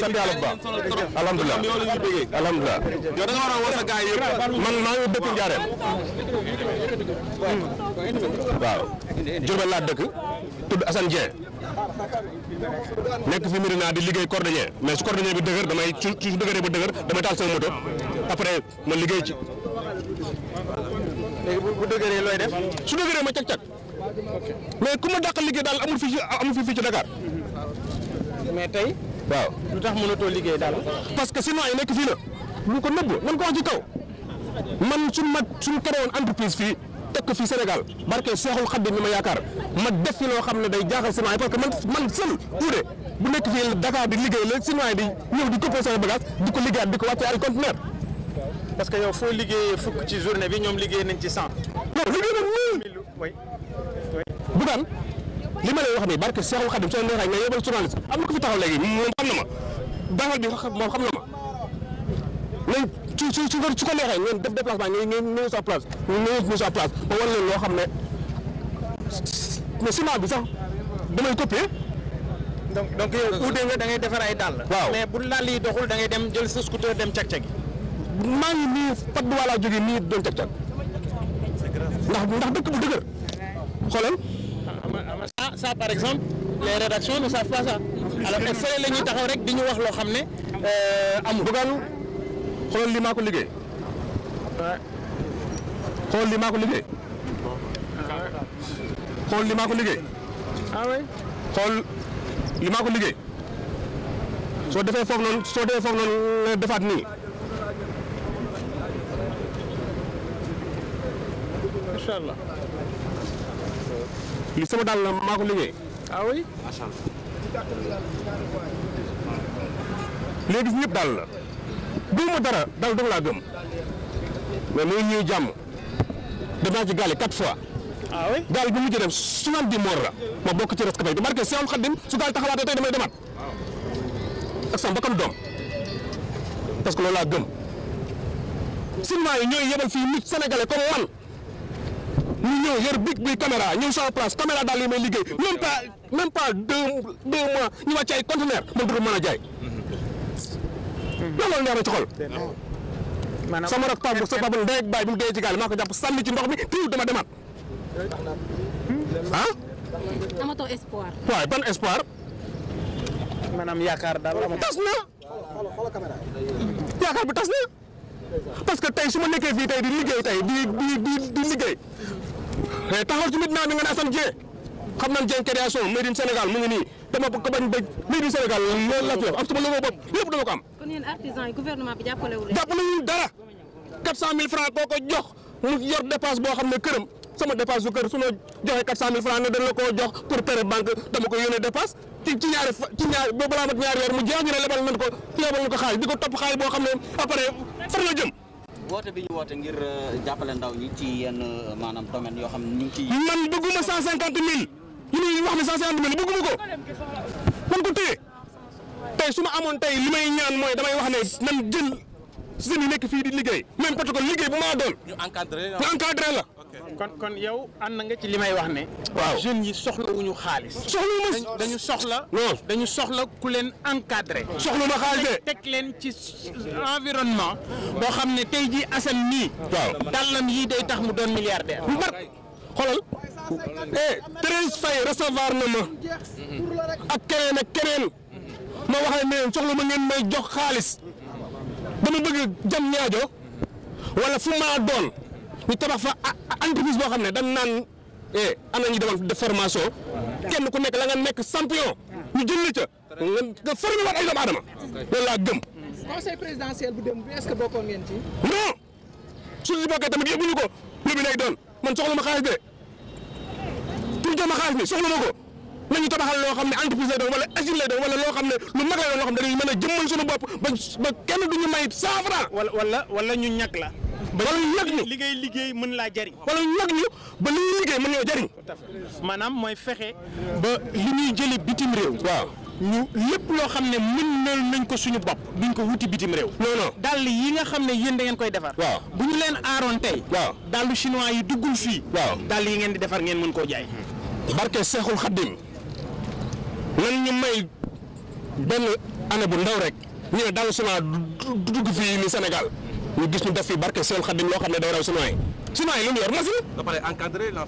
sant yàlla bu baax alhamdulilah man maa dëkk Ndiarème. waaw laa dëkk tudd Assane nekk fi Médina di liggéey cordonnier mais su cordonnier bi dëgër damay su su dëgëree ba dëgër damay taal sama moto après ma liggéey ci. léegi bu dëgëree looy su dëgëree ma cag-cag mais ku ma dàq liggéey daal amul fii ci amul fii ci Dakar. waaw lu tax too liggéey daal. parce que sinon ay nekk fii la lu ko nëbb nan ko wax ci kaw man su ma suñ créé woon entreprise fii teg ko fii Sénégal barke Seexul Xadim mi ma yaakaar ma def fi loo xam ne day jaaxal sinon parce que man man seul uude bu nekk fii Dakar di liggéey la sinon di ñëw di coppee sama bagage di ko liggéeyaat di ko wàccee ay conteneur. parce que yow foo liggéeyee fukk ci journée bi ñoom liggéey nañ ci cent. non liggéey nañ mille. oui li ma lay wax nii barke Seexul Xadim soo neexee nga yóbbal journaliste am na ko fi taxaw léegi moom xam ne ma daxal bi moom ngeen def déplacement ñu ñu sa place ñu loo xam ne mais bi sax damay copier. donc donc yow uude nga da ngay defar ay dàll. waaw mais bu lal yi doxul da ngay dem jël sa scooter dem cag-cag maa ngi nii Patte d'Oie laa jógee nii doon cag-cag ndax ndax dëkk bu dëgër xoolal. ça ah, ça par exemple les rédactions ne savent pas ça alors que fële la ñuy taxaw rek di ñu wax loo xam ne euh, amul. Bougane xool li maa ko liggéey xool li maa ko liggéey xool li maa ko liggéey ah xool li defee foofu noonu soo defee foog noonu defaat nii incha li sama daal la maa ko liggéey. ah oui macha daal la. gëmuma dara daal dama laa gëm. mais muy ñuy jàmm. def ci gaal yi quatre fois. ah oui gaal bi mujj def soixante-dix morts la. ma bokk ci rescapés bi barke Seexul Xadim su gaal taxawaatee tey damay demaat. ak sama bakkan doom. parce loolu laa gëm. sinwaa yi ñooy yebal fii nit sénégalais comme man. ñu ñëw yor big bi caméra ñëw sama place caméra daal yi may liggéey même pas même pas deux deux ñu wàcc ay conteneur man du mën a jaay. loolu leer na ci xol. sama rak pam sa babal ndey ak baay bu mu dee ci gaal maa ko jàpp sànni ci ndox mi tiw dama demaat. ah. amatoo espoir. ban espoir. maanaam yaakaar daal amatoo. tas na. yaakaar bi tas na. parce que tey su ma nekkee fii tey di liggéey tey di di di di liggéey taxaw ci mit naa bi nga ne Assane Dieng Sénégal mu ngi nii dama ko bañ bëj made Sénégal loolu la fi am am sama logo bopp lépp dama ko am. kon yéen artisans yi gouvernement bi jàppale wu ko jox mu yor dépense boo xam ne këram sama dépense su kër su ma joxee 400000 francs jox pour pere banque dama ko yónnee dépense ci ñaari ci ñaari boobu balaa ñaari weer mu jeex ñu ne lebal ko lebal nañ ko topp xaalis boo xam ne après far la jëm. woote bi ñu woote ngir euh, jàppale ndaw ñi ci yenn euh, maanaam domaine yoo xam ne ñu ngi ciy. man bëgguma cent cinquante mille yi ñuy wax ne cent cinquante mille bëgguma ko man ko téye tey su ma amoon tey li may ñaan mooy damay wax ne nan jël seen yi nekk fii di liggéey même protocole liggéey bu maa doon. ñu encadré encadré la. kon kon yow ànd nga ci li may wax ne. waaw jeunes yi soxlawuñu xaalis. soxla dañu soxla. dañu soxla ku leen encadré. soxla ma xaalis teg leen ci environnement. boo xam ne tey jii Assane nii. waaw dàllam yii day tax mu doon milliardaire. bu bar xoolal. eh recevoir na ma. ak keneen ak keneen. ma wax ne leen soxla ma ngeen may jox xaalis. dama bëgg jam ñaajo. wala fu maa doon. ñu tabax fa entreprise boo xam ne dañ naan eh am nañu demoon def formation kenn ku nekk la nga nekk champion ñu jël la ca nga formé waat ay doomu aadama loolu laa gëm. conseil présidentiel bu dem bi est-ce que bokkoon ngeen ci. non suñu bokkee tamit yóbbuñu ko yóbbu lay doon man soxla ma xaalis de pour jox ma xaalis bi soxla ma ko nañu tabaxal loo xam ne entreprise lay doon wala asile lay doon wala loo xam ne lu mag lay doon loo xam ne dañuy mën a jëmmal suñu bopp ba ba kenn duñu may cent francs wala wala wala ñu ñàkk la. ba ñu yëg ñu li liggéey mën laa jariñ wala ñu ñu ba li ñuy liggéey mën ñoo jariñ maanaam mooy fexe ba li ñuy jële bitim réew waaw ñu lépp loo xam ne mën nañ ko suñu bopp duñ ko wuti bitim réew. non non dàll yi nga xam ne yéen da ngeen koy defar. waaw bu ñu leen aaroon tey. waaw dàllu chinois yi duggul fii. waaw dàll yi ngeen di defar ngeen mën koo jaay. barke Seexul Xaddim lan ñu may benn année bu ndaw rek ñu ne dàllu chinois dugg fii ni Sénégal. ñu gis ñu def fi barke seen xadim loo xam ne day raw si nooy si nooy lu ñu yor machine. ba pare encadré la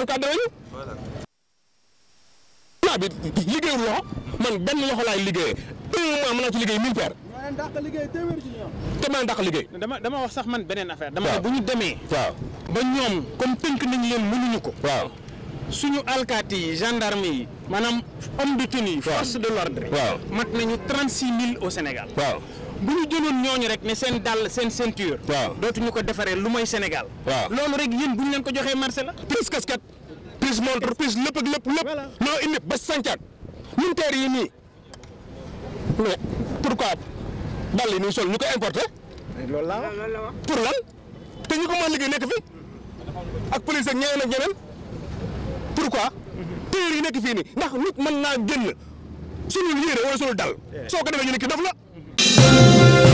en ba liggéeyul loxo man benn loxo laay liggéeyee un mois ci liggéey mille paires. te man dàq liggéey. dama dama wax sax man beneen affaire. dama bu ñu demee. waaw ba ñoom comme tënk nañ leen mënuñu ko. waaw suñu alkaati yi gendarme yi maanaam homme de tenue. force de l'ordre. waaw mat nañu trente six mille au Sénégal. waaw bu ñu jëloon ñooñu rek ne seen dàll seen ceinture. waaw dootuñu ko defaree lu mooy Sénégal. waaw loolu rek yéen bu ñu leen ko joxee marché la. plus casquette plus montre plus lépp ak lépp lépp. noo indi ba sàncaat ñun teer yi nii mais pour quoi yi ñuy sol ñu ko importé. loolu la pour lan te ñu ko mën liggéey nekk fi ak police ak ñeneen ak ñeneen pourquoi. Mhm. teer yi nekk fii nii ndax nit mën naa gën génn sunu yére wala sunu dal eh. soo ko defee ñu ne dof la. Música